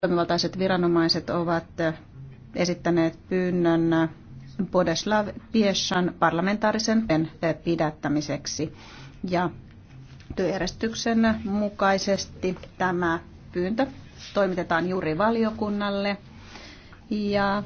toimivaltaiset viranomaiset ovat esittäneet pyynnön Bodeslav Pieshan parlamentaarisen pidättämiseksi. Ja työjärjestyksen mukaisesti tämä pyyntö toimitetaan juuri valiokunnalle. Ja